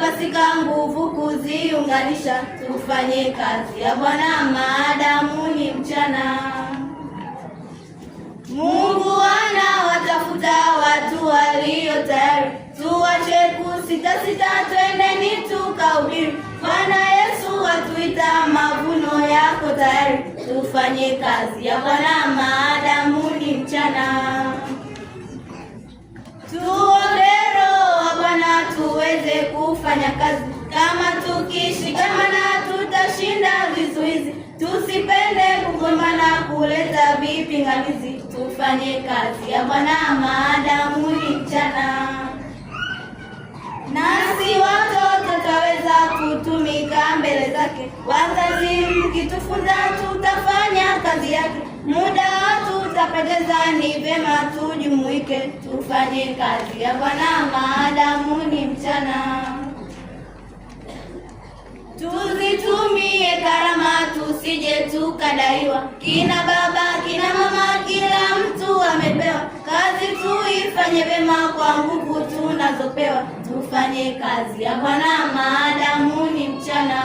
pasika nguvu kuziunganisha, tufanye kazi ya Bwana maadamu ni mchana. Mungu ana watafuta watu walio tayari, tuwache kusitasita, twendeni tukahubiri. Bwana Yesu atuita, mavuno yako tayari, tufanye kazi ya Bwana maadamu Tusipende kugombana kuleta vipingamizi, tufanye kazi ya Bwana maadamu ni mchana, nasi watoto tutaweza kutumika mbele zake. Wazazi mkitufunza, tutafanya kazi yake, muda tutapoteza, ni vema tujumuike, tufanye kazi ya Bwana maadamu ni mchana. tusije tukadaiwa. Kina baba kina mama, kila mtu amepewa kazi, tuifanye vema kwa nguvu tunazopewa. Tufanye kazi ya Bwana maadamu ni mchana,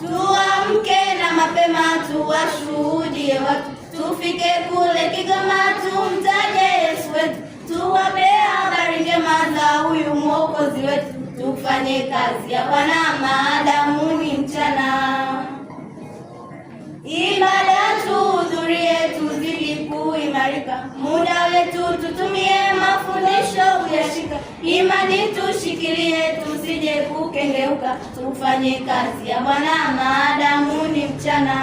tuamke na mapema, tuwashuhudie watu, tufike kule Kigoma, tumtaje Yesu wetu, tuwape habari njema za huyu mwokozi wetu. Tufanye kazi ya Bwana maadamu ni kuteseka. Muda wetu tutumie, mafundisho kuyashika, imani tushikilie, tusije kukengeuka, tufanye kazi ya Bwana maadamu ni mchana.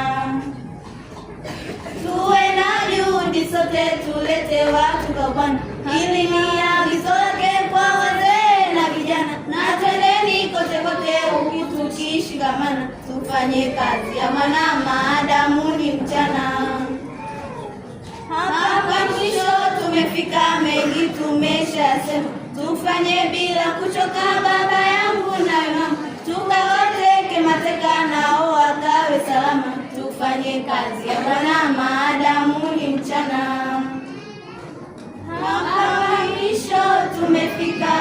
Tuwe na juhudi sote, tulete watu kwa Bwana, ili ni agizo lake kwa wazee na vijana, na twendeni kote kote ukitukishikamana, tufanye kazi ya Bwana maadamu ni mchana. Akasema tufanye bila kuchoka, baba yangu na mamangu, tukawateke mateka nao wakawe salama. Tufanye kazi ya Bwana maadamu ni mchana. Hapa mwisho tumefika.